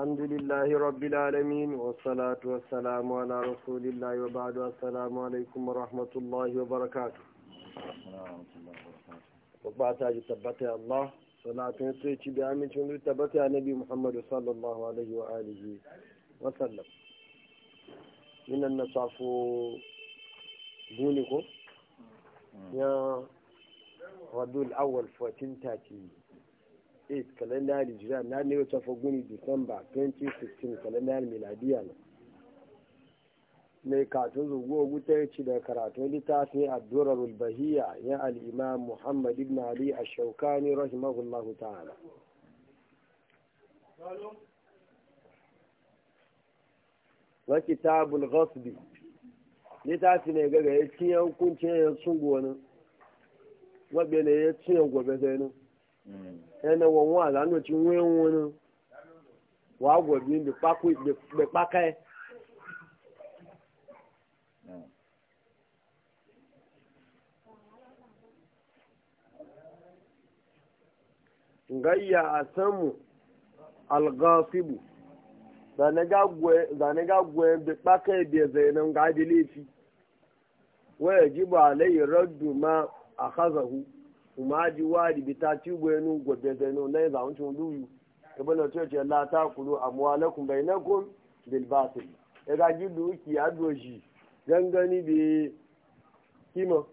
الحمد لله رب العالمين والصلاة والسلام على رسول الله وبعد السلام عليكم ورحمة الله وبركاته وبعد تبت الله صلاة نسيتي بعمل شنو تبت نبي محمد صلى الله عليه وآله وسلم من النصاف دونكم يا ربيع الأول 1430 8 kalendar hijira na ne wata faguni disamba 2016 kalendar miladiya ne mai katon zuwa wuta ci da karatun littafin addu'ar ulbahiya ya al'ima muhammad ibn ali a ne rahimahullahu ta'ala wa kitabul ghasbi littafin ne gaga ya ciye hukuncin ya sun gonin wabe ne ya ciye gobe sai ẹnẹ wọn wọn àlànà tí wọn ń wọn náà wàá wọ bí bẹ pákà ẹ. gayya a samu algasibu zane ga gwen bi kpaka e ibe zainan ga adilifi waya jibu alayhi raddu ma a hazahu kuma ji wajibi ta ci gwenu gobe zano na yi zahuncin luyu ibn church la ta kulu amwalakum bainakum bil batil e ga ji duki doji gangani bi kima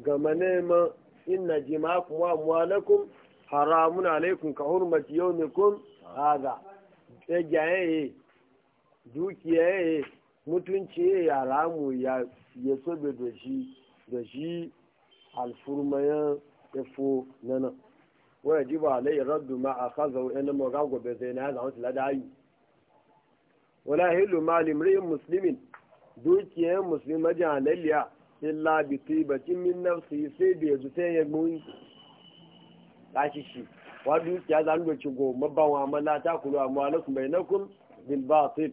gama manema inna jima'akum wa amwalakum haramun alaikum ka hurmati yawmikum hada e jaye dukiya e mutunci ya haramu ya so da doji doji shi alfurmayan efo nana wọ́n yẹ jíbọ̀ àlẹ́ ìrọ́dù máa àkázọ̀ ẹni mọ̀ ọ̀gá gọ̀bẹ̀ zẹ̀ náà àwọn ti ládàá yìí wọ́n láyé hìlù máa lè mìíràn mùsùlùmí dúkìá mùsùlùmí mẹ́jọ àlẹ́ lìá ilá bìtì ìbẹ̀tì mínà sí ìfẹ́bì ẹ̀dù tẹ́ yẹ gbóyìn láṣìṣì wọ́n dúkìá zanúbẹ̀tì gò mọ́ bá wọn àmọ́ látàkùrù àmọ́ alẹ́kùnbẹ̀rẹ̀ náà kún bilbatil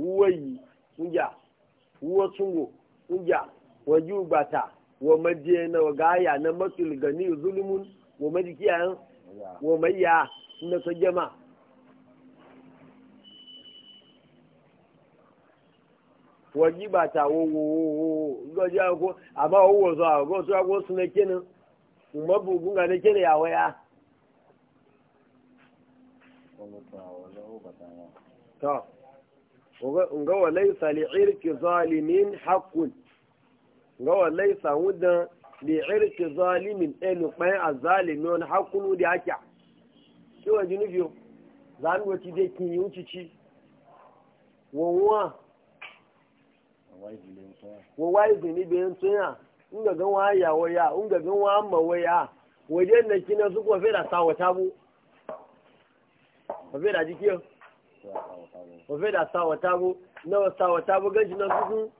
wúwẹ́ yìí ń jà wúwọ́ túngò ń jà wọ́n jú gbàtà wa maje wa gaya na matsul gani zulumun wa majiyan wa mayya na sa jama waji ba ta wo gaji wo goji ko amma wo zo a go so ko suna kenan kuma bugun ga ne kenan ya waya to nga wa laysa li irki zalimin haqqun ga wallahi samu da li irki zalimin elu eh, bai azalimi wani hakunu da ake ki wa jinufiyo zan wati dai kin yi ucici wonwa yi wai zini bayan tsaya in ga gan wa ya waya in ga gan wa amma waya waje na kina su ko fera wata bu ko fera jikiyo ko fera wata bu na wata bu ganshi na su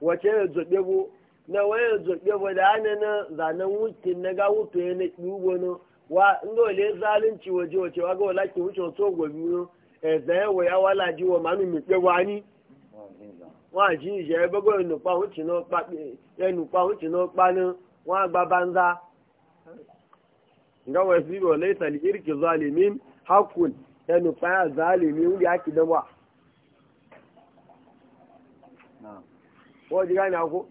wace ya zoɓe bu na waya zoɓe bu da ana na zanen wutin na ga wuto ya na ɗubo no wa nga wale zalunci waje wace wa ga wala ki wuce so gobe no e zaye wa ya wala ji wa manu mi pe wa ni wa ji je e gbogbo enu pa wuti no pa enu pa wuti no pa no wa gba banza nga wa fi wa laita li irki zalimin hakun enu pa zalimin wuri akidan wa ko ji gane ko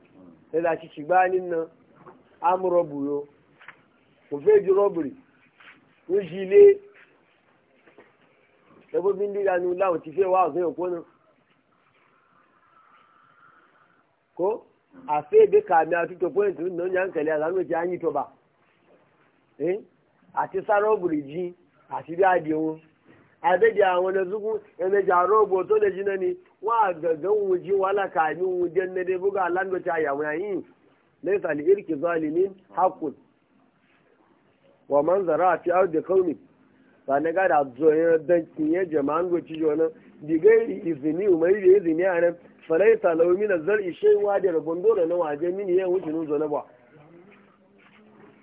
sai da shi shiganin nan amuro buyo ko feji robbery ko jile ẹgbẹ́ bí ń dí ìdánù láwọn ti fẹ́ wá ọ̀sẹ̀ òkú náà kó àfẹ́ẹ̀dẹ́ kàmí àtúntò pọ́ìntì ní ọjà ń kẹ̀lé àlánà ti á yín tọba àti sára jí àti bí adìẹ wọn. a daga a wani zugu yana jaro boto da jina ni wa gaggan wuji wala ka kani wujen na dai buga lando ta ya wani na yi sali irki zalimin hakun wa man zara a fi auda kauni ba na gada zoyen don kinye jama'an goci jona diga izini umari da izini a nan falai talaumi na zar ishe wa da rabon dole na waje mini yan wuce nun zo na ba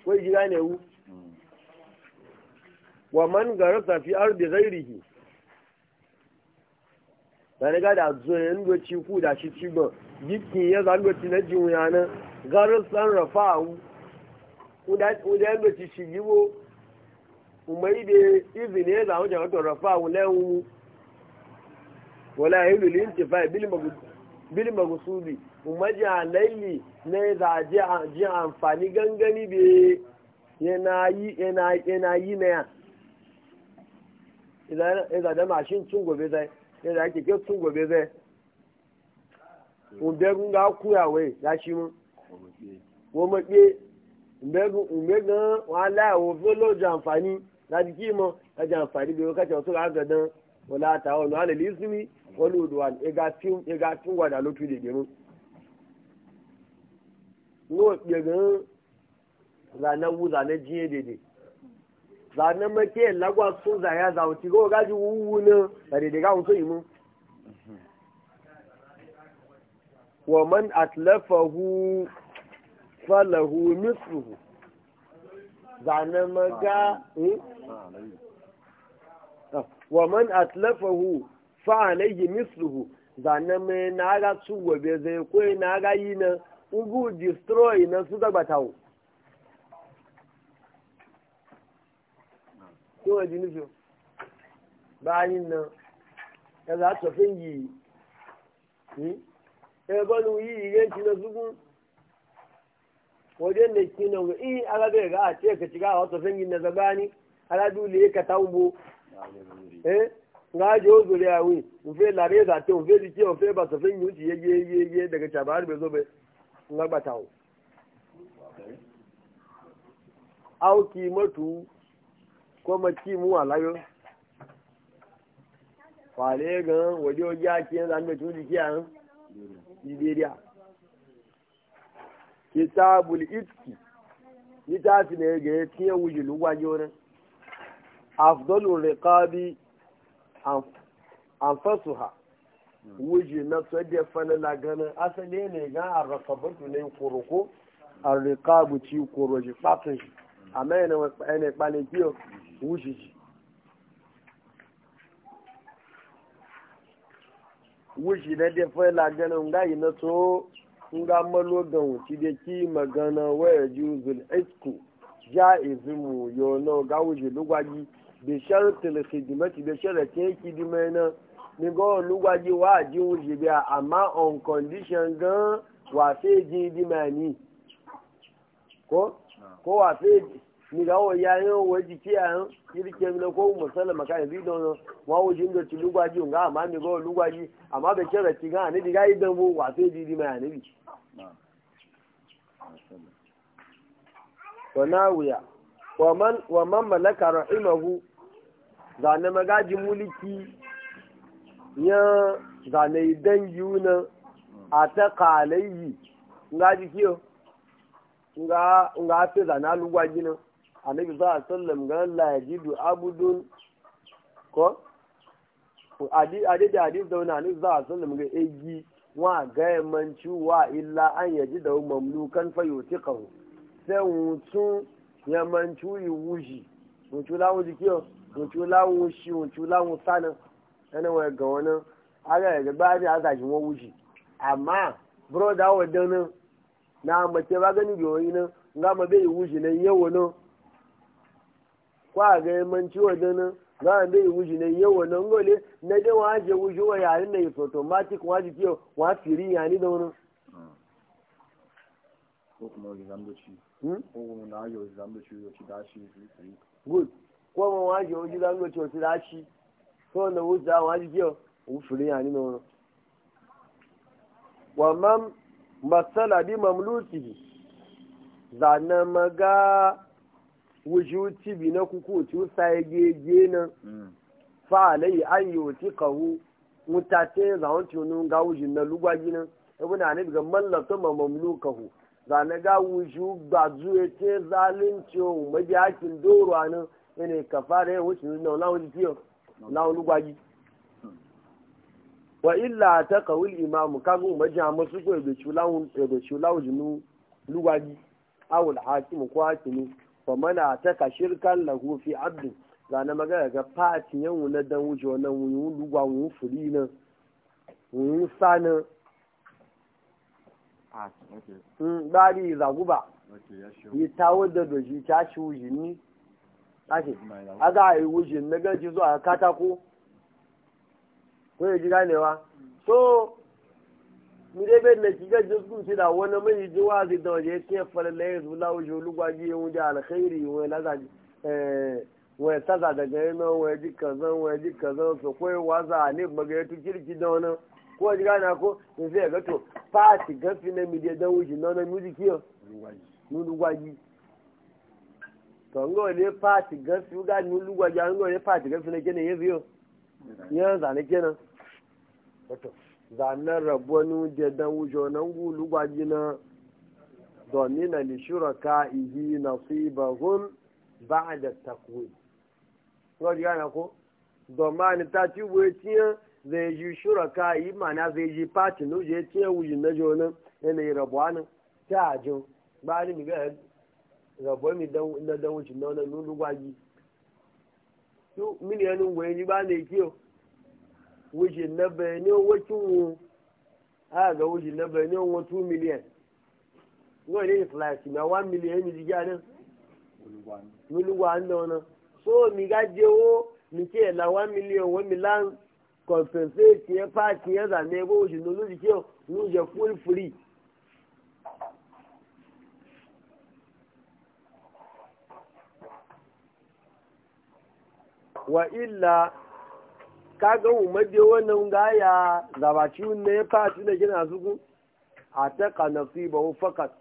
kai gida ne wu wa man garasa fi ardi ghairihi da ni da zo yan doci ku da shi ci ba gikin ya zan doci na jin yana garasan rafa'u ku da yan doci shi yiwo umai da izini ya zan wajen wato rafa'u lewu wala hilu lintifa bil magu bil magusubi umaji na ne za je ji amfani gangani be yana yi na yana yi idan da mashin cin gobe zai idan ake ke cin gobe zai umbegun ga kuya wai ya shi mu wo mo pe umbegun umbegun wa la wo folo janfani la di ki mo la janfani bi o ka to la gadan wala ta o na le lismi wala udwan e ga tin e ga tin wada lo tude de mu wo pe gan la na wu la ne jin dede zane make lagwa sun zaya za wuce ga gaji wuwu ne da daidai ga wuce imu wa man atlafahu falahu misluhu zane maga eh? wa man atlafahu fa alayhi misluhu zane mai na ga tsugobe zai kwai na ga yi na ugu destroy na su zagbatawo tí wọ́n di nífẹ̀ẹ́ báyìí na ẹ̀rọ àtọ̀fẹ́ yìí hm? ẹ̀rọ ni yìí yìí yẹn ti lọ sókún wọ́n dé ní kí náà wọ́n ii alábẹ̀rẹ̀ rà àti ẹ̀kẹ̀tì rà ọ̀tọ̀fẹ́ yìí na zagbá ní alábìlì kata ń bo ẹ̀ nga jẹ́ òzòrè àwìn òfé làrẹ́ ìdàtẹ́ òfé lìkẹ́ òfé bàtọ̀fẹ́ yìí ó ti yé yé yé yé dẹ̀gẹ̀ tàbá rẹ̀ bẹ́ẹ̀ sọ́bẹ̀ àwọn kì í ko mati mu alayo fale gan waje waje ake yin tun jiki a yan nigeria kitabul itki litafi ne ga ya tiye wuji lugwaje wani anfasuha na tsadde fana ganin asali ne gan a na ne kuruku a rikabu ci kuroji fatin shi a mai ne kpane wujiji wuji na dai fai laganin gayi na to in ga malo ga wuci da ki magana waya juzul isku ja izimu e yono ga wuji lugwaji da sharutin khidimati da sharatin kidimai na ni ga lugwaji wa ji wuji biya amma on condition gan wa sai ji dimani ko ah. ko wa sai ni ga wo ya yo ji ti an yiri ke mi ko mu sala maka bi don no wa wo jin do ti lu gwaji nga ma mi go lu gwaji ama be chere ti ga ni di ga idan wo wa te di di ma ni bi wa nawiya wa man wa man malaka rahimahu zane magaji mulki ya zane idan yuna a ta kalayi nga ji kiyo nga nga te zane alugwaji na annabi za a sallam ga la abudun ko adi adi da adi da wani za a sallam ga egi wa ga manci wa illa an yaji da mamlukan fayutiqahu sai wutu ya manci yi wuji wutu lawo jikiyo wutu lawo shi wutu lawo sanan yana wa ga wani aga ya gaba ne aka shi wa wuji amma broda wa danin na mace ba gani biyoyi nan nga ma bai wuji nan yau wani kwa ga ciwo dana za a bai wuji na yau wannan gole na dai waje wuji wa yarin na yi automatic waje kiyo wa firi ya ni da wani kuma zambuci hmm? ko na yau zambuci yau da shi good ko ma waje wuji zambuci yau ci dashi ko na wuji da waje kiyo wa firi ya ni da wani wa mam masala bi mamluki zanen maga wuju cibi na kuku tu sai gege na mm. fa alai an yoti kahu mutate za on tunu ga wuju na lugwaji na ibn anabi ga mallaka ma mamlukahu za na ga wuju ba zuwe te zalunci o maji hakin doro anan ene kafara ya wuce na na wuju tiyo na lugwaji wa illa ta kawul imamu kagun maji a masu ko ebe chulawun ebe chulawun jinu lugwaji awul hakimu ko hakimu fa mana ta ka shirkan lahu fi abdu zana magana ga fati yan wuna dan wuce wannan wuyu lugwa wuni furi na nan wuni sanin ah, hmm, bari zaguba yi tawo da doji ta ci wujin ni ake aga a yi wujin na ganci zuwa katako ko ya ji ganewa hmm. so mire bai na shiga jiskun shi da wani mai ji wazi da waje ke falala ya zula wuce lugwaji ya wuce alkhairi wai lazaji eh, wai saza daga na wai ji kazan wai ji kazan su koyi waza ne magayatu kirki da wani ko ji ko in sai ga to fati gafi na mide don wuce na wani music yau lugwaji to ngo ne fati gafi ga ni lugwaji ngo ne fati gafi na kenan yanzu yau yanzu na kenan wato zanen rabuwanu da dan wujo nan gulu gwajina domin na lishura ka ihi na sibahun ba da takwai. Lord yana ko? Domin ta ci buwe tiyan zai ji shura ka yi mana zai ji fati na wuce tiyan wuji na jonin yanayi rabuwa nan ta ajin ba ni mi ga rabuwa mi na dan wuce na wani lulu gwaji. Mini yanin gwayi ba ne kiyo. wuji na bayani wakin wu a ga wuji na bayani wa 2 miliyan ngo ne islasi na 1 miliyan mi jiga nan mulugwa an da so mi ga wo mi ke la 1 million wa milan compensate ya party ya zane bo wuji no luji ke luji full free wa illa Ka ga umarje wannan gaya gabaci wunne ya fasi da gina zugu a taƙa nasiba fakat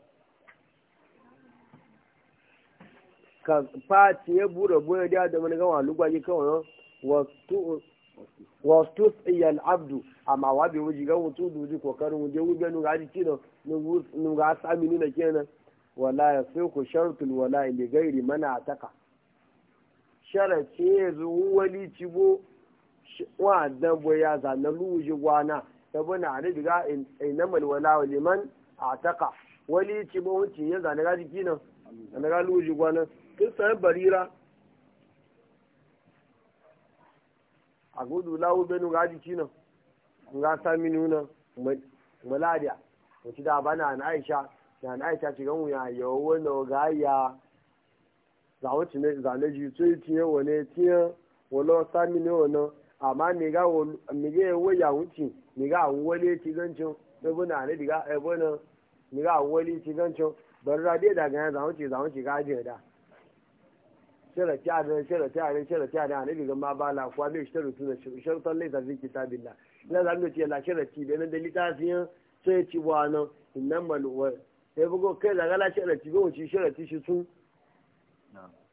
ka fati ya bura bura da da wani gawa lugwaje kawai wasu iyal abdu amma mawa bai wuji ga mutu duji kokarin wuje wuje nuga ji kino nuga sami nuna kenan wala ya sai ku shartul wala ili gairi mana taka? sharace ya zuwa wali cibo wa dan ya za na luji gwana sabuna a riga malwala wa liman ataka wali ci ba wuce ya zane ga jiki nan zana ga luji gwana kin san barira a gudu lawo benu ga jiki nan ga sami nuna maladiya wace da bana na aisha na na aisha ci gan wuya yawo wani ga ya za wuce ne zane ji tsoyi tiye wane tiye wani sami ne wani amma me ga me ga waya wuce me ga wale ci gancin ebo na a diga ebo eh, na me ga wale ci gancin bar a dai daga ya zamu ci zamu ci ga a da shara ta da shara ta da shara ta da ne a ma bala kwa me shara tuna shartan lai da kitabillah ina a ci la shara ci da nan da litafiyan sai ci wa nan innamal wa a bugo kai daga la shara ci go ci shara ci shi sun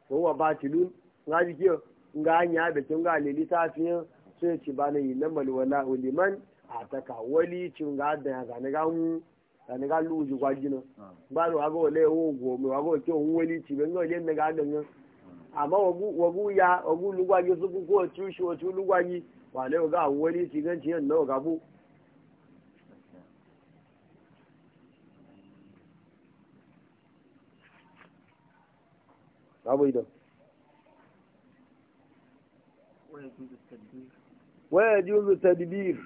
wa batilun a kiyo nga anya da kin ga lili tafiyan sai ci bana yi na malwala uliman a ka wali ci nga da ga ne ga mu da ne ga luju kwa jina ah. ba ro ago le wo go mi wa go ti on wali ci be ngo le ne ga gan amma wagu wagu ya wagu lugwa ji su ko ci shi o ci lugwa ji wa le ga wali ci gan ci yan no ga bu Abu idan. waya juzu tadbir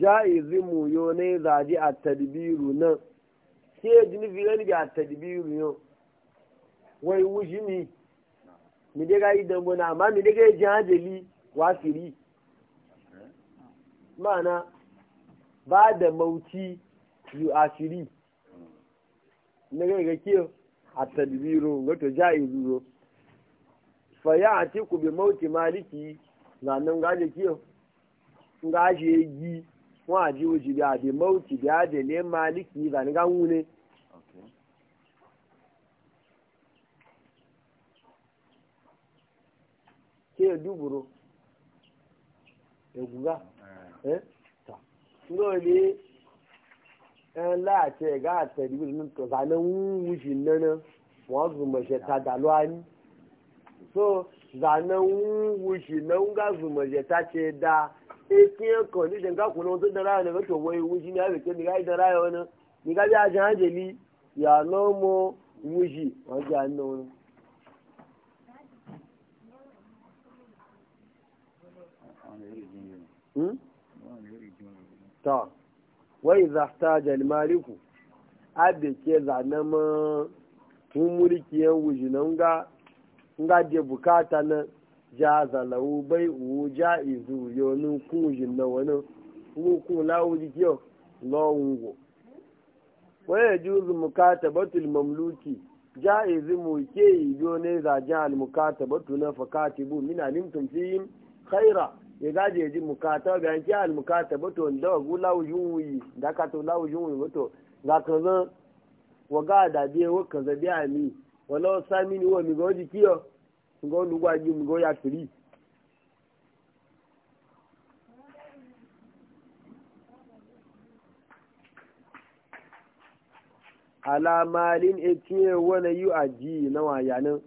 ja'izi mu yo ne zaji a tadbiru nan sai jini filani bi a tadbiru yo wai wuji ni mi de ga idan bona amma mi de ga jajeli wa firi mana ba da mauti yu asiri ne ga ga kiyo a tadbiru wato ja'izi fa ya ati ku bi mauti maliki zanen gaje kiyo gaje yi wọn àti oṣù bí àdè mọ́ọ̀tì bí àdèlé maliki ìzànigá ń wúni. ṣé ìdúgbòrò ègúgá ẹ tà náà lé láti ẹ̀gá àtẹ̀dúgbò tó sànà ń wúṣì nánà wọ́n sùn mọ̀ṣẹ̀ tàdà lọ́wọ́ so zanen wushi na nga ta ce da ekin condition ka kuna wasu da wushi ne abin e ni gai da wani ni gai ya jan hmm? ya wushi wajen hannun wani ta wai zafta jalmaliku abin ke zanen nga de bukata na ja zalau bai uwu ja izu ku kujin na wani ji lawo lo wo. wọ́n yẹ júùsù mukata batul mamluki ja izu mu ke yo ne zajen mukata batu na fakati bu min alimtum yin khaira ya gaje ji mukata ga al mukata batu da wagu lawo yunwi da ka to lawo yunwi wato ga kan zan waga da biye wakan zabi ami walau samini wa mi ki wajikiyo nga olùwájú nga ó yà tìrì. alamalin etiye wani yi aji na wayanin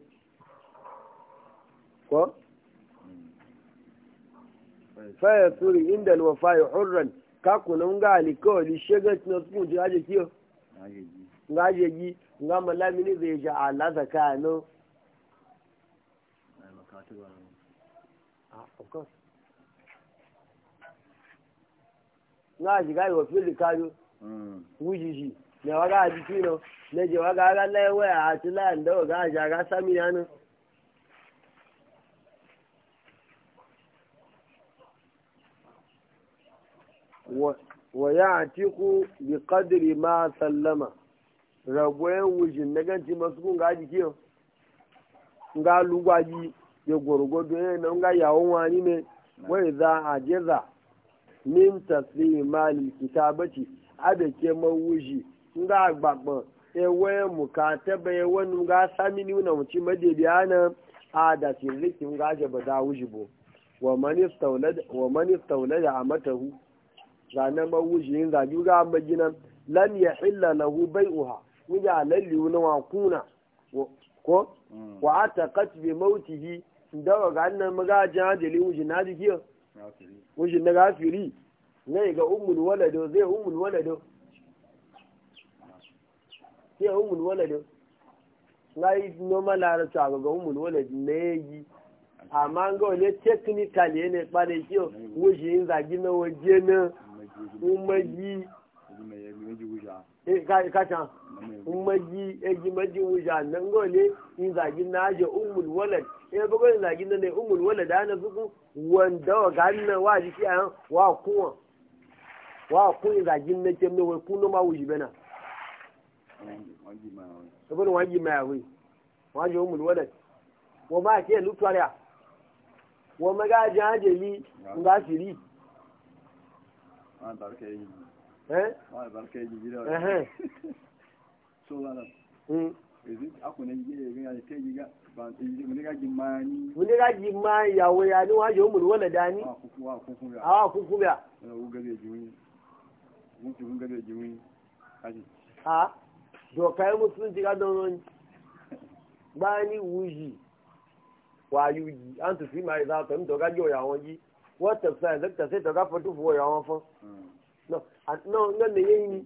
ko? faya turi inda alwafa ya hurran kakunan ga alikawali shagar na sukun ji aje kiyo? ga aje gi ga malamini zai ja ala zakanin to um, ah, of course. Nga shiga iwa fili kayo, wujiji, na waga a jiki no, na je ga aga laiwa a ati layan da ga a jaga sami ya no. Wa ya atiku bi kadiri ma sallama, rabuwa wujin na ganci masu kun ga jiki yo, nga lugwaji E ya gwargwado na ga yawon wani ne wai za a jeza min tasiri mali kitabaci ke mawuji nga gbagban ewe mukataba ewe nga samini na mu ci na a da sirriki nga ga ba za wuji bo wa man taulada a matahu na mawuji yin zabi ga majina lan ya hilla lahu bai'uha wuja lalli wani wakuna ko mm. wa ta katbe mautihi dawa ga annan maga jan jeli wujin na jiki wujin na gafiri ne ga ummul walado zai ummul walado sai ummul walado ngai normal la ta ga ummul walado ne yi amma ga wani technical ne kpare kiyo wujin zagi na waje na umaji eh, ka ka maji eji maji wuja nan gole in zagin na aje umul walad in ba gole zagin na ne umul walad da na zuku wanda wa ga nan wa ji ki an wa kuwa wa ku zagin na ke ne ku no ma wuji bana saboda waji ma wai waji umul walad wa ma ke lutwariya wa maga jajeli ngasiri Ah, barkeji. Eh? Ah, barkeji. Eh. wani gaji ma yawo ya ni waje umar wala da ni a wa kukuba a dokai musulunci ga donon gbani wuji wayu yi an tufi ma yi zata ni toga jiyo yawon yi wata sai zakta sai toga fatufuwa yawon fan no no ne yayi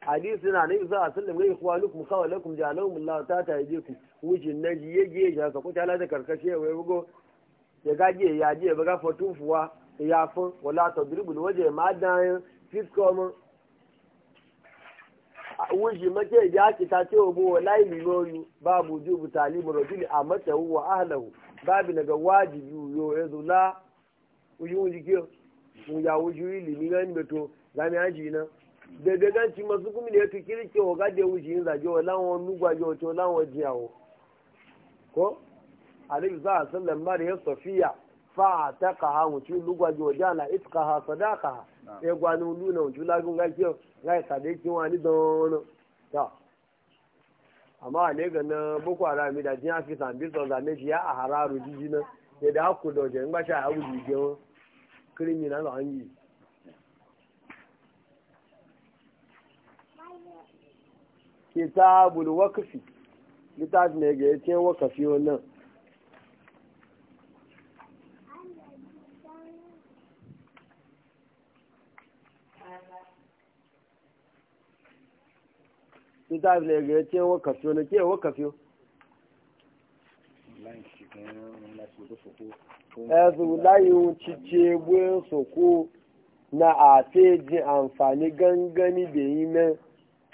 hadisi na nabi sallallahu alaihi wasallam ga ikhwanukum qawlakum ja'alahum Allah ta ta ku wujin jiye jiye ya ka kuta la da karkashe wai bugo ya gaje ya je ba ga fatufuwa ya fun wala dribul waje ma dan fisko mun wuji make ya ki ta ce obo wallahi liloyu babu jubu talimu rajuli a matahu wa ahlahu babu daga wajibi yo yazula la wuji ke mu ya wuji ilimi ga ni beto zami aji na daga ganci masu kuma da ya tukiri ke wa gade wuce yin zage wa lawon lugwaje wato lawon jiyawo ko alif za a sallan mara ya sofiya fa ta kaha wuce lugwaje wa jana ha sadaka ha ya gwani lagun kin wani don ta amma a lega na boko haram da jin afi sambi zane shi ya a hararu jiji na ya da haku da wajen gbasha a wuce kitabul wakafi littafi ne ga yace wakafi wannan littafi ne ga yace wakafi wannan ke wakafi ẹ̀sùn láyé ohun jíjẹ ewé sòkó na àfẹ́jì àǹfààní gangani bèyí mẹ́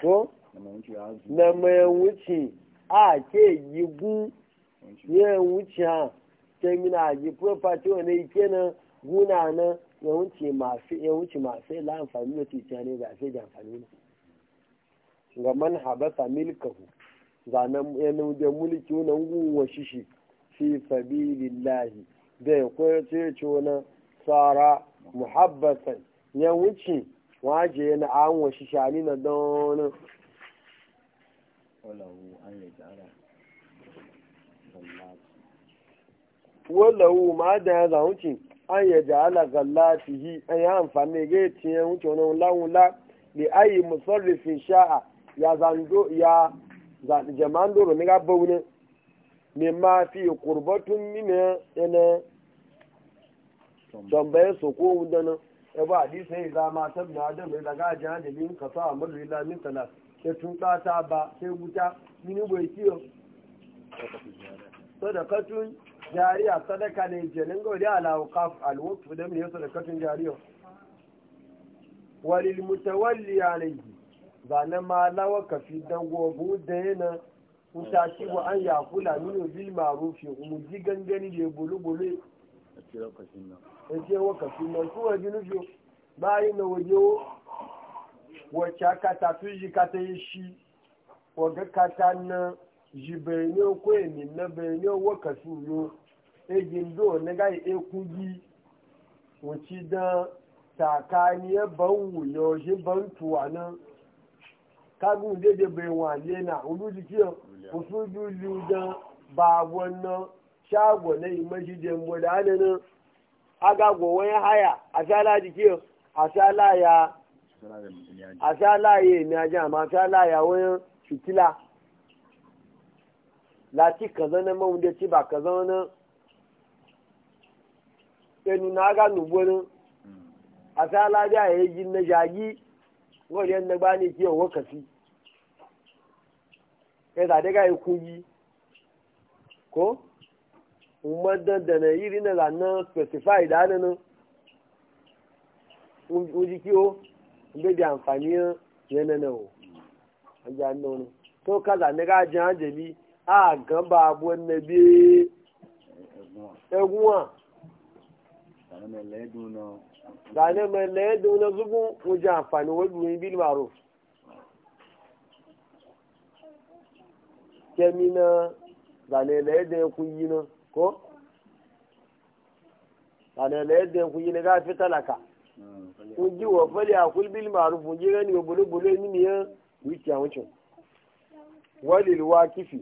tó na mai wuce a ke yi gun yin wuce ha terminal ji property wani kenan guna na ya wuce masu ya wuce masu ila amfani da titiya ne ga sai da amfani ne ga man milkahu zanen yanin da mulki wannan guwa shishi fi sabilillahi da ya koyar ce wani tsara muhabbasan ya wuce waje na an wa shani na don walahu an ya ma da ya zaunci an ya jara gallatihi an ya amfani ga tiye wuce wani launla da ayi musarrifin sha'a ya zando ya zaɗi jama'an doro ni fi su ko wudana ya ba zama da min kasa a min ṣetun tun ba sai wuta mini bai kiyo sadakatun jariya sadaka ne jelin gaudi alawukaf alwakfu da mai sadakatun jariya walil mutawalli alayhi zanen ma lawaka fi dangobu da yana kuta ci wa an ya kula nuna bil marufi mu ji gangani da bulubulu a ce kafin nan su waje nufi bayan na waje wacce kata tun shi kata yi shi waga kata na ji bayani ko emi na bayani waka su yo egin do na ga ekugi wacce da takaniyar ban wuyo shi ban tuwa na kagun dede bai wale na olujikiyar usuluju da babon nan shago na yi imajijin mudanin agago wani haya a shala jikiyar a shala ya àṣà alaye èmi ajá àmọ́ àṣà aláàyè àwọn fitila láti kànzán náà mọ́wọ́n dé tí bà kànzán náà ẹnu náà gà nù gbóná àṣà aláàyè àyè yìí nàjà yìí wọ́n yẹn ní ọwọ́ ikú yìí kó mọ́ yìí rí náà ojú kí ó. bai da amfani yana na wo a ji an nono to kaza na gajin hajjali a gan ba abuwan na bi egunwa gane mai laye duna zubin wajen amfani wajen yi bil maro kemi na zane laye da ya kuyi na ko zane laye da na talaka kun ji wa fali a kulbil ma'ruf kun ji gani bolo bolo ni ne yan wucin walil wakifi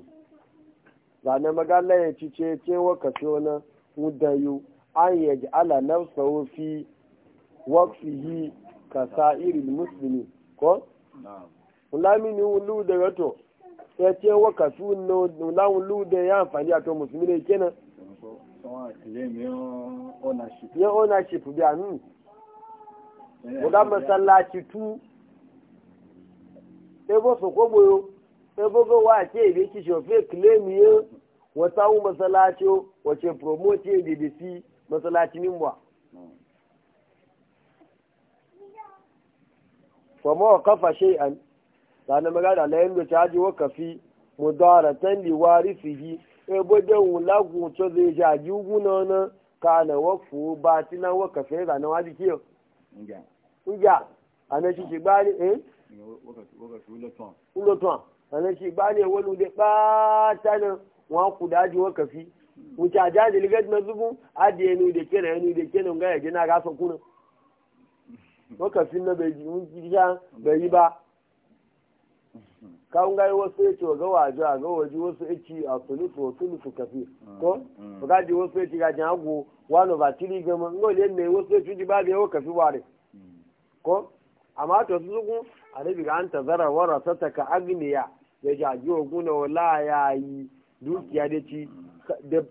na magala ya ci ce ce wa kaso na mudayu an ya ji ala nafsahu fi waqfihi ka sa'iril muslimi ko ulamini ulu da gato ya ce da ya amfani a to ne kenan ya ownership bi a hmm. guda masallaci tu ebo sokoboyo ebo go wa ke ibe ki shofe claim ye wata wu masallaci wace promote ye bbc masallaci min ba fama kafa shay'an na magana la yin da haji wa kafi mudaratan liwari fihi ebo da wulagun to zai jaji guna na kana fu ba tinan wakafe ga na waji kiyo ìjà àmẹ́sì ti gbá ní ẹ́ ńlọ́tàn àmẹ́sì gbá ní ẹ̀wọ́ lóde pátá na wọ́n kù dájú wọ́n kẹfí wùtí àjá ìdílé gẹ́gẹ́ mẹ́fí fún adì ẹnu ìdè kẹ́nà ẹnu ìdè kẹ́nà ńgá kawun gai wasu ya ce ga waje a ga waje wasu ya ce a sulusu wa kafi to ga ji wasu ya ce ga jan agwo gama ngole ne wasu ya ce ji ba da yawa kafi ko amma to su zugun annabi ga an tazara ta ka agniya ya jaji oguna wala yayi dukiya da ci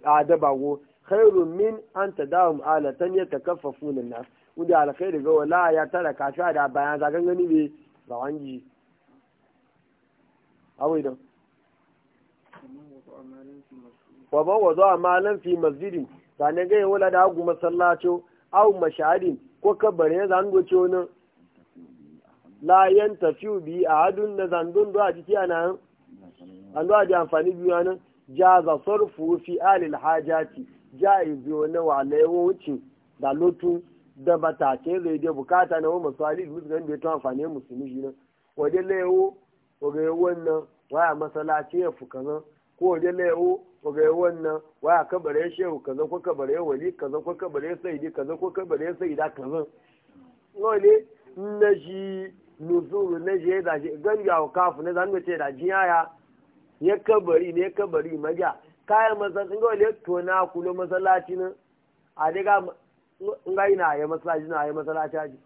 a dabago khairun min an ta ta alatan yatakaffafuna nas wanda alkhairu ga wala ya tara kasha da bayan zagan gani ga zawanji awai don wa ban wazo a malan fi masjidin zane ga yi wala da hagu masallaco au mashahadin ko kabarin ya zango ce wani la yan tafiyu bi a hadun na zandun do a jiki ana an do a ji amfani biyu nan ja za sarfu fi alil hajati ja izo na wa laiwo wuce da lotu da batake zai dai bukata na wani misali duk zan bai ta amfani musulmi shi nan waje laiwo waje wannan waya masalaci ya fuka nan ko waje laiwo waje wannan waya kabare shehu kaza ko kabare wali kaza ko kabare saidi kaza ko kabare da kaza. Nole, na shi nuzuru na je da je gan ya wa kafu ne zan mace da jiya ya ya kabari ne kabari maja kaya masallaci inga wale to na kulo masallaci ne a daga nga ina ya masallaci na ya masallaci aji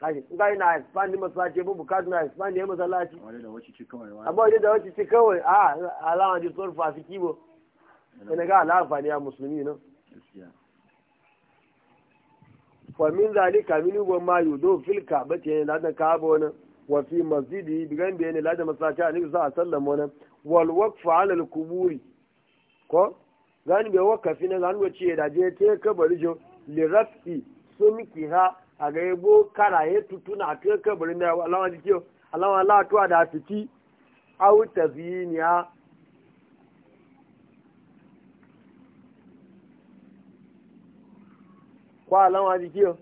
kashi nga ina expand masallaci bu bukatu na expand ya masallaci amma wajen da wacce ci kawai a alama ji tsorfa su kibo ina ga alafa ne a musulmi ne famin zalika min ugo ma yudo fil kaaba ce na da kaaba na, wa fi masjidi bigan da ne la da masallaci annabi sallallahu alaihi wasallam wannan wal waqfu ala al quburi ko gani be wakafi na zanu ce da je te kabari jo li rafi sunki ha a ga yabo karaye tutuna te kabari na Allah wa dikiyo Allah wa la tuwa da fiti au ya. kwa alawa jikiyo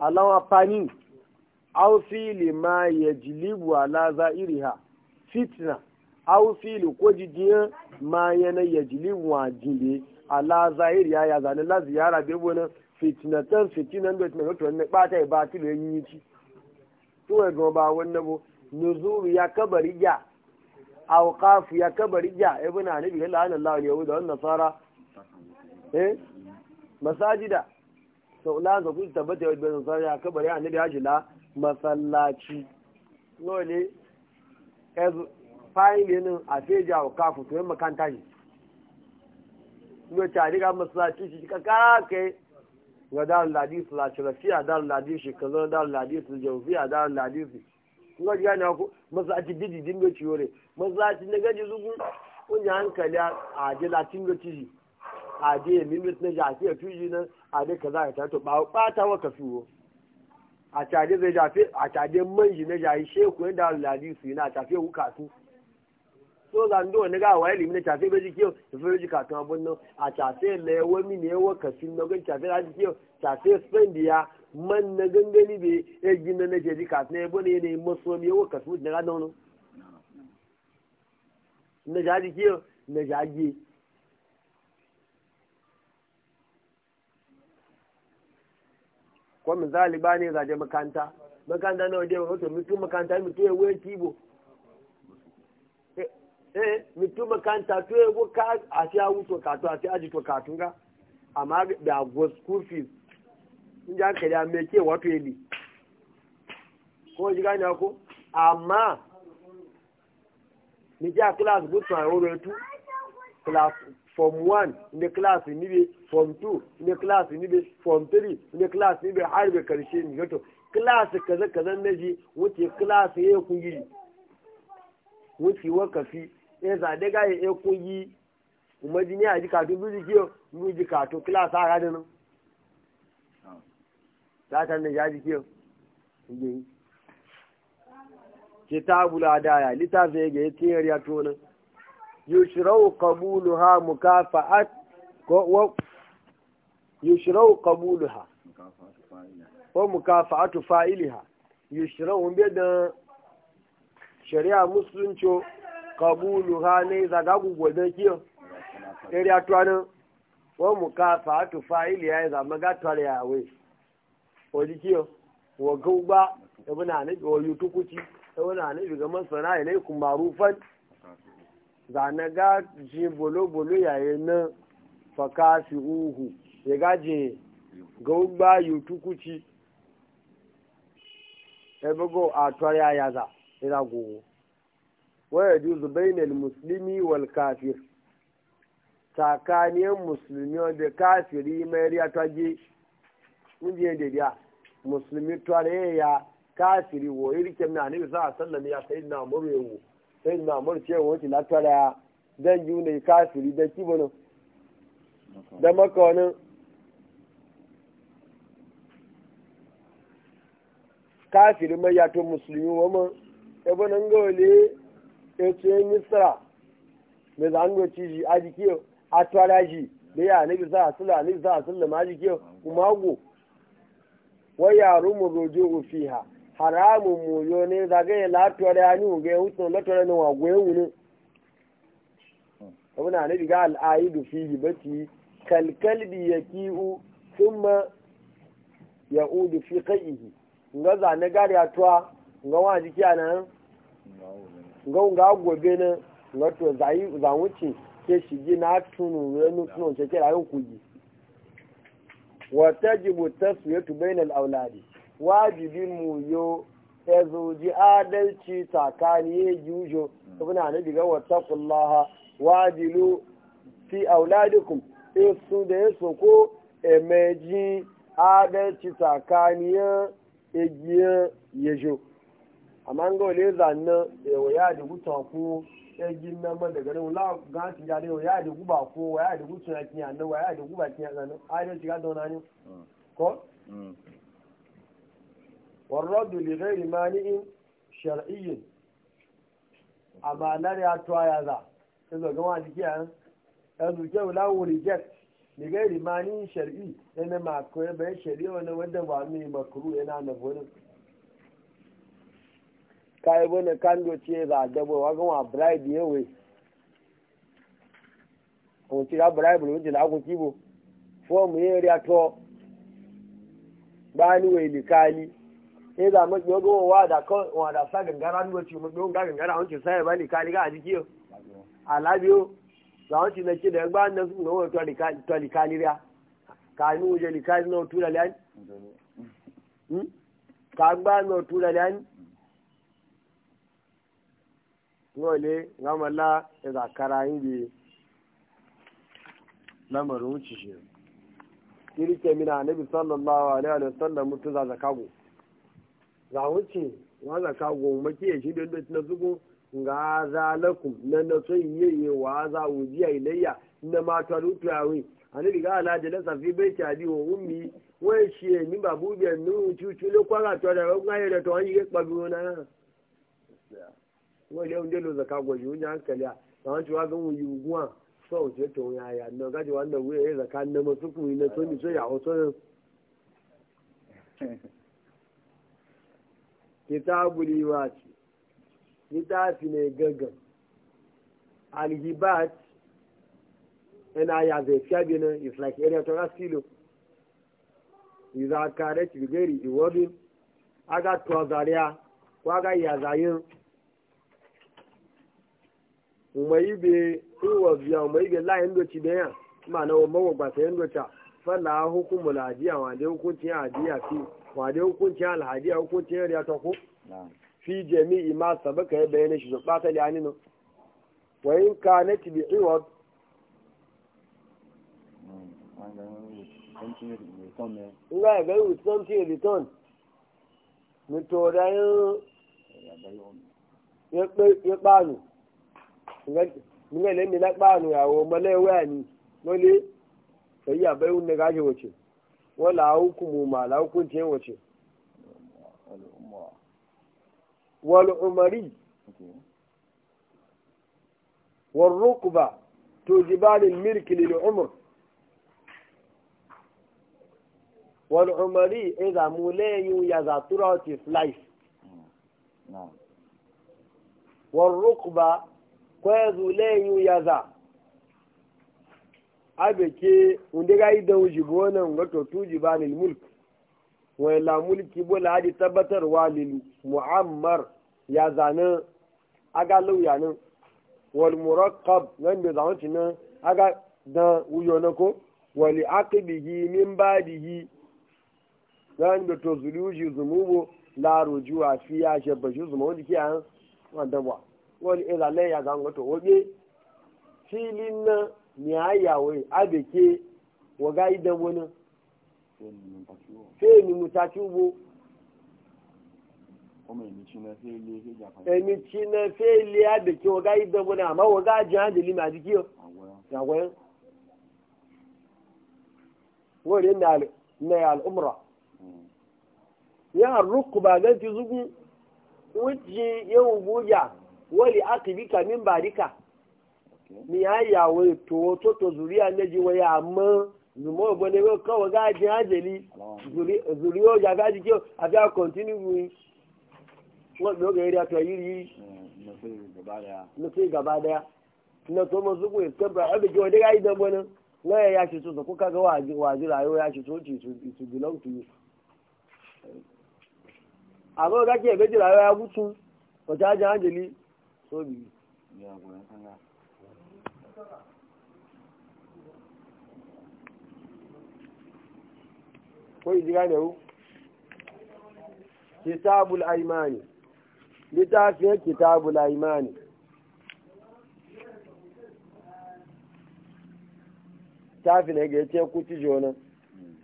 alawa pani au fili ma yajlibu ala zairiha fitna au fili ko jidiya ma yana yajlibu wa jinde ala zairiha ya zane la ziyara be na fitna tan fitina ndo tme to ne ba tai e ba tilo yin ci to e go ba wannan bo nuzuru ya kabari ja awqaf ya kabari ja e ibn anabi la ilaha illallah yahuda wan nasara eh masajida sau la ga kusa tabbata wa bai zanzara ya kabar ya annabi haji la masallaci lole ezu fine yanin a feja wa kafu to yin kan ne yau ta riga masallaci shi ka kai ga darul hadisi la shirafiya darul hadisi kazo je hadisi jawfiya darul hadisi kuma ji gane ku masallaci didi dingo ciwo masallaci na gaji zugun kun hankali a jila ga ciji ade da ya minut na jafi a tuji nan a da kaza ta to ba ta wa ka fiwo a tade zai jafi a tade man ji na jahi sheku yadda aladi su yana tafi ya wuka su so za ndo ne ga wa ilimi na tafi beji kiyo ta fi beji ka tuma bunno a tafi le wa mi ne wa ka sin nogan tafi da ji kiyo tafi spend ya man na gangani be e gina na je ji ka ne bone ne maso mi wa ka su da ga nono na jaji kiyo na jaji ko misali ba ne je makanta makanta na waje wato mutu makanta mutu ya wuye kibo eh e, mutu makanta to ya go ka a sha wuto kato a sha aji to ga amma da go school fees in ja ka da me ke wato yeli ko ji gani ko amma ni ja class go to a ro tu class form 1 inda class ni be form 2 inda class ni be form 3 inda class ni be har be karshe ni gato class kaza kaza na ji wuce class ya ku yi wuce wakafi ya zade ga ya ku yi kuma jini a ji kato biyu kiyo biyu ka kato class a gadi nan ta ta ne ya ji kiyo kitabul adaya daya ga ya tiyar ya tonan yushrau qabuluha mukafa'at ko yushrau qabuluha ko mukafa'atu fa'iliha yushrau be da shari'a musulunci qabuluha ne zaga gugwada kiyo ere atwana ko mukafa'atu fa'iliha ya zama ya yawe wadi kiyo wa gauba ibn anabi wa yutukuci ibn anabi ga masana kuma rufan. zane ga ji bolo-bolo yayin na faka fi uhu ya gaji ga ugba yutukuci ebogo a tuwari ayaza ina gogo waya juzu bainal musulmi wal kafir tsakanin musulmi da kafiri mai riya tage kungiyar da biya musulmi tori ya kafiri wo irkin na nisa a sallami ya sayi na murwewo sai na amur cewa wacce na tara dan yi ne kafiri da kibono da makonin kafiri mai yato musulmi wama ebe nan ga wale eto nisira mai zango ciji a jiki a tara ji da ya anabi za a sula anabi za a sula ma jiki kuma go wa yaro mu rojo fiha haramu muyo ne zagaye ya ni ga hutun latuwar ne wa goye wuni abu na diga ga aidu fi hibati kal ya ki'u thumma ya fi qaihi nga zane gari atwa nga wa jiki a nan nga nga gobe na nga to za zawuci ke shigi na tunu renu tunu ce ke rayun kuji wa tajibu taswiyatu bainal auladi wajibin mu yo ya zoji adalci tsakani ya ji ujo na nabi ga wattaqullaha wajilu fi auladikum isu da ya soko emeji adalci tsakani ya egiye ewa ya da egin e daga nan la ga ya da ya da guba ya da ya kiyan ya da guba kiyan nan والرد لغير مانع شرعي أما نرى أتوايا ذا إذا كما تكيا إذا كيو لا ريجكت لغير مانع شرعي ما أكوية بين شرعي وأنا ودى وعمي مكروه أنا نفوه كاي wani كان جو za ذا دبو wa gama bribe yawai kuma ci ya bribe ne wajen akun kibo fo mu yi riya to sai eh, za mu yo go wa da ko wa da sa gangara ne ci mu don gangara on ci sai bali kali ga ji a labiyo za on ci na ci da ba nan su no wato da kali to li kali ya ka ni nu je li kali no tura lan hmm ka ba no tura lan no le ngamalla da zakara yin bi lamarin wuce shi kiri ke mina annabi sallallahu alaihi wa sallam mutu za zakago za wuce wa za ka goma ke shi da yadda na zugun ga za lakum na na so yiye wa za wujiya ilayya na mata rutuyawi ani riga ala da lasa safi bai ta bi wa ummi wai shi ni babu bi nu chuchu le kwala to da ga da to yi pa bi na wai le unde lo zaka go ju nya hankali a ran ju ga mu yuguwa so je to ya ya no ga ji wanda wai zaka na masu ku ni so ni so ya ho so kitabul iwati littafi ne gaggan alhibat ina ya zai fiya binin is like area to asilo iza kare tigari iwabin aga tozariya ko aga yazayin umayi be ibe biya umayi be layin doci da yan ma na umaru gbasa yan doca falla hukumu na ajiya wanda hukuncin ajiya fi wade hukunci alhadi a hukunci yariya ta ko fi jami'i ma sabaka ya bayyana shi su ɓata da hannun wa in ka na tibi iwad nga ya gari with something in return mitora yin ya kpanu nga ile mi na kpanu yawo mala ya waya ni lole sayi abai wunne gashi wace wala hukumu ma la hukuncin wace wal umari wal rukba to jibalin milki lil umr wal umari idza mulayu ya zaturati life wal rukba kwazu layu ya za abeke wunde ga yi don shi gona ga tuji ba ni mulk wa la mulki la di tabbatar wa lil muammar ya zana aga lauya nan wal murakkab nan da zan nan aga da wuyo na ko wali aqibihi min badihi nan da to zuluji zumubo la rujuwa fi ya shabbashi zumo dike an wanda ba wali ila la ya zan ga to wobe filin nan ni a yawe a beke wa ga idan wani sai ni mutaci ugbo emi ci na sai ile a beke wa ga idan wani amma wa ga ajiyar hajjali lima jiki yawon wani na ya al'umra yan rukku ba zan ci zugu wuce yawon buja wali aka bi kamin barika mi ya yawo to to to zuriya ne ji waya amma zumo bo ne ko kawo ga ji ajeli zuri zuri o ya ga ji ki a continue ga yiri no gaba daya no gaba na to mo zugo e ji ga na ya ya shi so ko ga wa ji wa ji ya shi so to belong to you àwọn ọ̀gá kí ẹ̀gbẹ́jì ìyá kawai ji gane hu kitabul aimani littafin kitabul aimani tafi na ga yace kutiji wani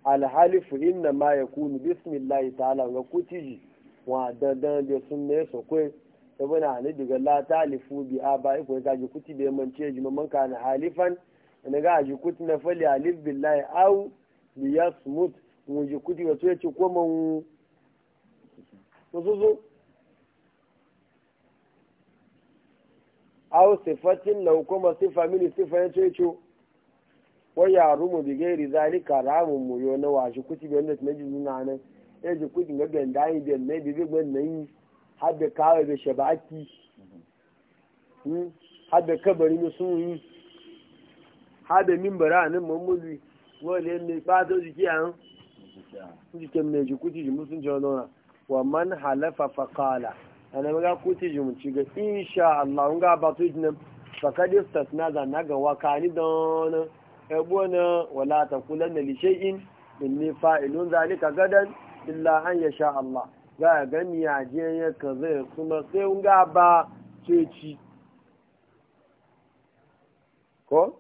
alhalifu inna ma ya kunu bismillahi ta'ala ga kutiji wa dandan da sun su kwai sabuna ne daga la talifu bi ba iko ta ji kuti da man ce jima man na halifan ne ga ji kuti na fali alif billahi au bi yasmut mu ji kuti wato ya ce ko man zuzu au sifatin lau kuma sifa mini sifa ya ce ce wa ya rumu bi gairi zalika ramun mu yo na wa ji kuti be wanda ji nuna nan ya ji kuti ga ganda yi da na bi bi gwan na yi hadda kawai da shabaki hmm, hadda kabari na sun yi hadda mimbara a nan mamuli yan ne fata jiki a nan jikin mai ji kuti ji sun jiwa wani wa man halafa fakala a nan ga kuti ji mun ci ga insha Allah ga ba su nan fakadi na zana ga wakani e don ebu na wala ta kula na lishe'in inni fa'ilun zalika gadan illa an yasha Allah za a gami a ya ka zai kuma sai un ga ba ceci ko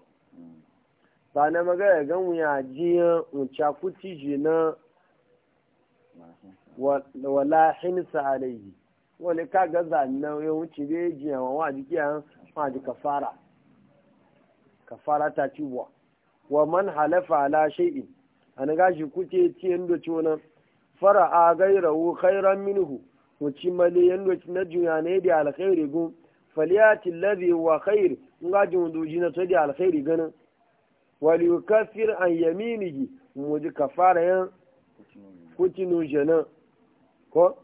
ba na magana gan a ya unca kuti ji na wala hinsa alaihi wani ka gaza na ya wuce da ya ji yawan wa jiki yan wa ji kafara kafara ta ciwa wa man halafa ala shay'in an gashi kuke tiyan da ciwo fara'a gairahu khairan minhu wuci mali yanda na juya ne da alkhairi gun faliyati ladhi wa khair nga jina na da alkhairi ganin wal yukaffir an yaminihi ji kafara yan kutinu jana ko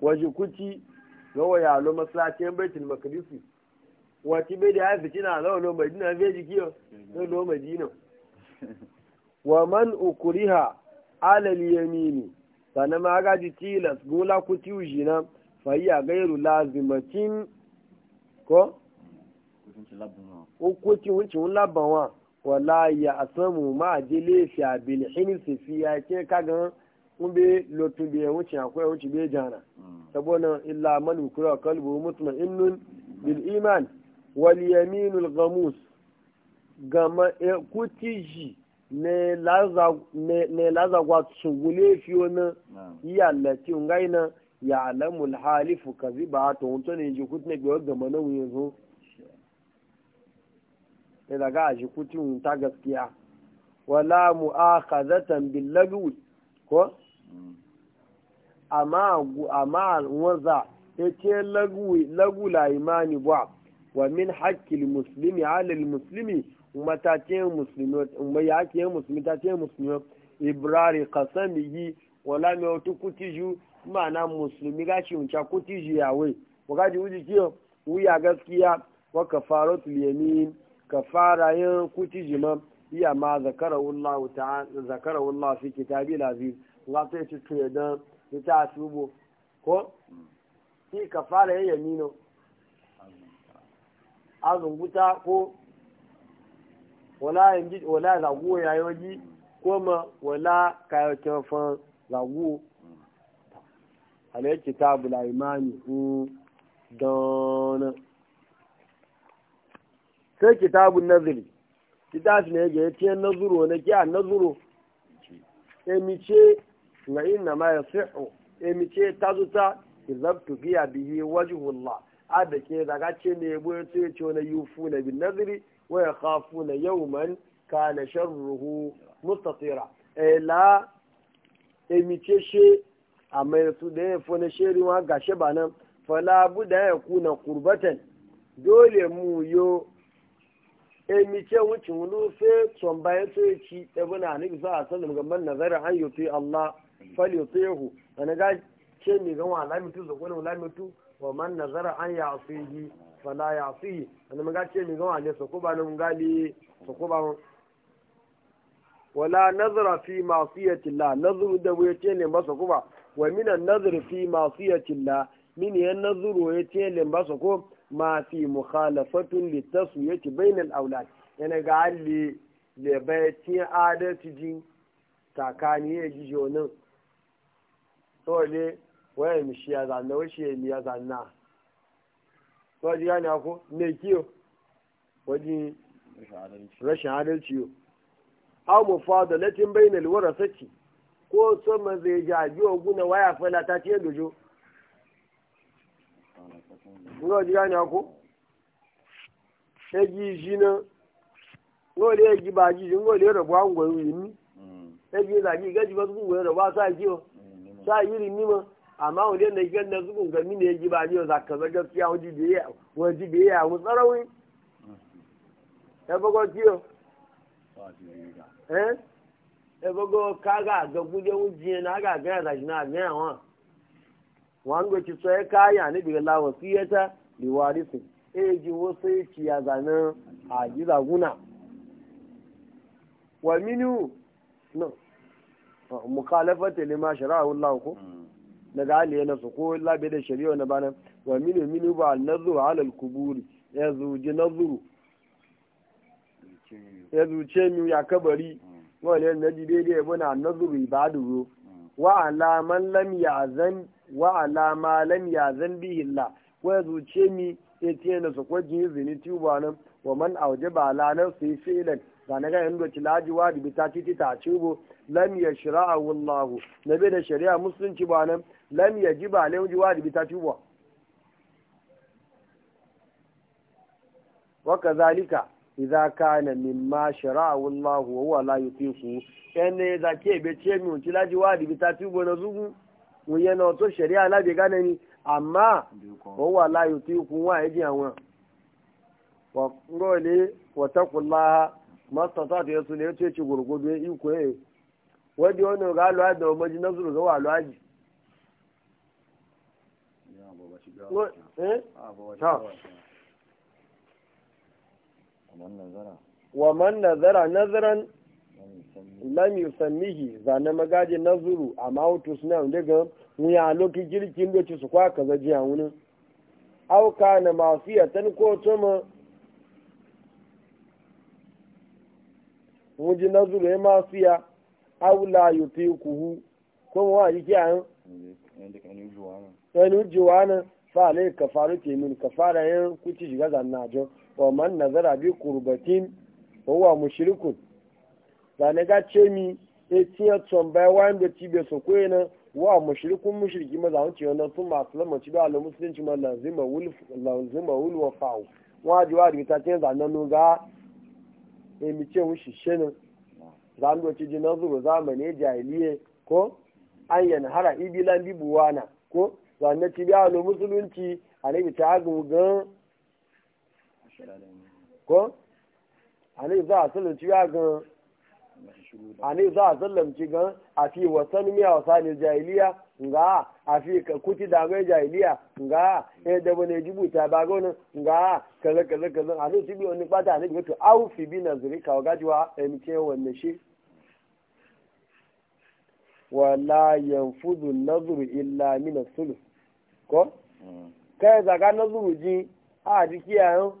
waji kuti ga waya lo maslacin baitul wa ti bai da yafi fitina lawo lo madina bai jikiyo lo madina wa man ukuriha alal yamini sannan ma gaji tilas gola ku tiuji na fahiya gairu lazimacin ko wun wuncin wa wala ya asamu ma jele fi abil hinsi fi ya ke kagan kun be lotu be wuce akwai wuce be jana saboda illa man ukura kalbu mutma'innun bil iman wal yaminul gamus gama eh, kutiji ne kwa tsungule fi na iya allati ngai na ya alamu halifu ka ba to wuto ne ji kutu ne biyar gama na wuyin zo ne daga a ji kutu ta gaskiya wala mu mu'akhazatan bil lagwi ko hmm. amma amma wanza ta ce lagula imani ba wa min haƙƙi muslimi halil musulmi. muslimi mata ce musulmi umma ya ke musulmi ta ce musulmi ibrari qasamihi wala me otu kutiju mana musulmi gashi unca kutiju yawe wagaji uji kiyo wuya gaskiya wa kafaratu yamin kafara yin kutiju ma iya ma zakara wallahu ta'ala zakara wallahu fi kitabil aziz Allah ta ce to da ta subo ko shi kafara yayin yamino azunguta ko wala yanji wala lagu zaguwo yayoji kuma wala kayo fan lagu ale kitabul bula imani don sai kitabun nazari kitab ne ga yace nazuro na kiya nazuro emice na inna ma yasihu emice tazuta izabtu fiya bihi wajhullah adake daga ce ne yabo yace na yufu na bin nazari wa yakhafuna yawman kana sharruhu mustatira ila emicheshe amma su da ya fona sheri wa gashe ba nan fala buda ya kuna kurbatan dole mu yo emiche wucin wulu fe tsomba ya so yaci ibn anabi sa sallam gamban nazarin an yuti Allah fal yutihu ana ga ce mi ga wa lamitu zakon wa man nazara an ya'sihi fala ya fi wani maga ce mi zama ne soko ba nan gali soko ba wala nazara fi masiyati cilla nazuru da ya ce ne ba soko ba wa min an fi masiyati la min ya nazuru ya ce ne ba ko ma fi mukhalafatun li ya bayna al awlad yana ga alli le bayatin adalci jin takani ya ji jonin to ne shi mishiya zanna wace ya miya zanna waje gane ko me kiyo wajen rashin adalci yo aw mufadalatin bainal warasati ko so man zai jaji oguna waya fela ta ce dojo waje gane ko eji jina ngole eji baji ngole rabu an gwayo yimi mm. eji zagi gaji ba su gwayo ba sa kiyo mm, sa yiri ma amma wani na gan na zubin gami ne ji ba ne za ka zaga gaskiya waje wani waje ya mu tsarawi ya bago kiyo eh ya bago kaga ga guje wuje na ga ga da shi na ga wa wango ci sai kaya ne bi la wasiyata li warisin eh ji wasu ci ya zana a ji zaguna wa minu no mukhalafati lima shara'u Allah ko hmm. na galiya na su ko labe da shari'a na bana wa minu minu ba nazuru alal kuburi ya zuji nazuru ya zuce mi ya kabari hmm. wale na ji daidai ya buna nazuru ibaduro hmm. wa alaman lam ya zan wa alama lam ya zan bihi la ko ya zuce mi ya tiye na su ko jin zini tuba nan wa man aujaba ala nafsi fi'lan da na ganin doki laji wajibi ta titi ta cibo lam ya shira'a wallahu na bai da shari'a musulunci ba nan lam ya ji ba lai wa wajibi ta cibo wa kazalika idza kana mimma shara'a wallahu wa huwa la yutiqu ene za ke be ce mi unti laji wajibi ta cibo na zugu mun yana to shari'a la be gane ni amma wa huwa la yutiqu wa yaji awon wa ngole wa taqullaha masta ta ta yasu ne ya ce ci gurgudu ya iko ya yi wadda wani ga alwaji da wamaji na zuru gawa alwaji waman eh? nazara nazaran lam yusammihi zane magaji nazuru amma wato suna wanda ga wuya loki girkin da ci su kwa kaza jiya wunin auka na mafiyatan ko tuma muji nazuru ya masu ya aula yuti kuhu ko wa ki an yani ujiwa nan fa alai kafaru ke min kafara yin kuci shiga zannajo wa man nazara bi qurbatin huwa mushrikun da ne ga ce mi e tiya tsomba wanda tibe so na wa mushrikun mushriki zan wuce wannan su masu lamar ci da musulunci ma lazima wul lazima wul wa fa'u wa jiwa da ta ce zannan ga emi eh, ce wun shishe nan za mu doci ji zuru zamani jahiliye ko an yanhara ibilan bibuwana ko na ci biya no musulunci a nabi ta agogo gan ko a nabi za a sallan ci biya gan a nabi za a sallan ci gan a fi wasan miya ne jahiliya nga afirka kuti da ga jahiliya nga e da bane jibuta ba gonin nga kaza kaza kaza a ne tibi wani bata ne to au fi bi nazari ka gajiwa em ce wannan shi wala yanfudu nazru illa min sulh ko mm. kai zaga nazru ji a dikiya yo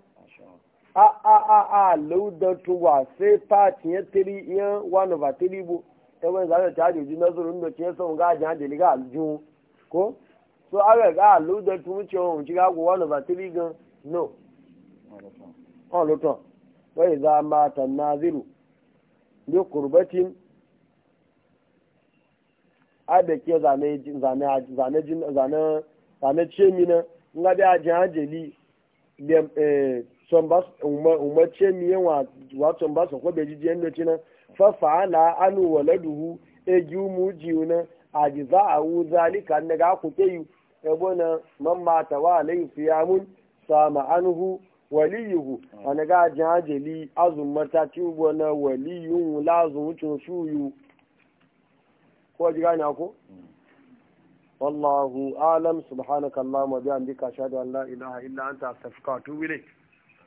a a a a lawda to wa sai pati ya tiri yan 1 over tiri bu. ẹgbẹ́ ìdájọ́ tí a jò jí mẹ́sọ̀rọ̀ ń lò tí ẹ sọ̀rọ̀ gáàjì àjèlé gáà ju kó so ààrẹ oh, ga ló dẹ tún ṣe ohun tí ká kó one over three gan no ọ̀ ló tàn wọ́n ìdá máa tàn náà zero ní kùrùbẹ́tì àbẹ̀kí zànẹ́ zànẹ́ zànẹ́ zànẹ́ tìṣẹ́mi náà nga bí ọmọ yẹn wà ń lọ náà. fafa'ala anu waladuhu eju mujiyuna ajiza awu zalika na ga ku keyu ebona man wa alayhi siyamun sama anhu waliyuhu a ga jajeli azun mata ci gona waliyun lazun wucin suyu ko ji gane ko wallahu alam subhanakallahumma bihamdika ashhadu an la ilaha illa anta astaghfiruka wa atubu ilayk